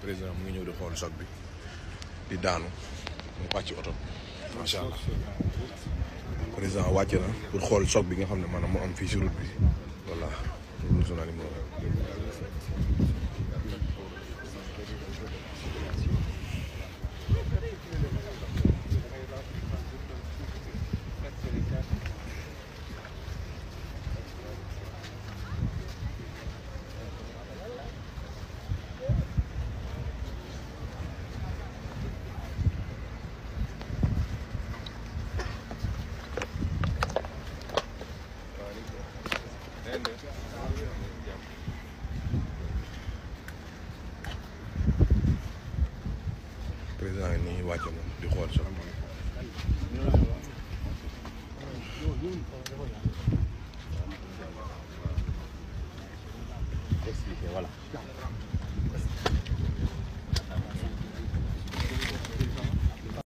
président mu ngi ñëw di xool choc bi di daanu mu wàcc oto macha allah président wàcc na pour xool choc bi nga xam ne maanaam mu am fii si route bi voilà loolu journal yi moo président yi nii wàcc moom di xool sax voilà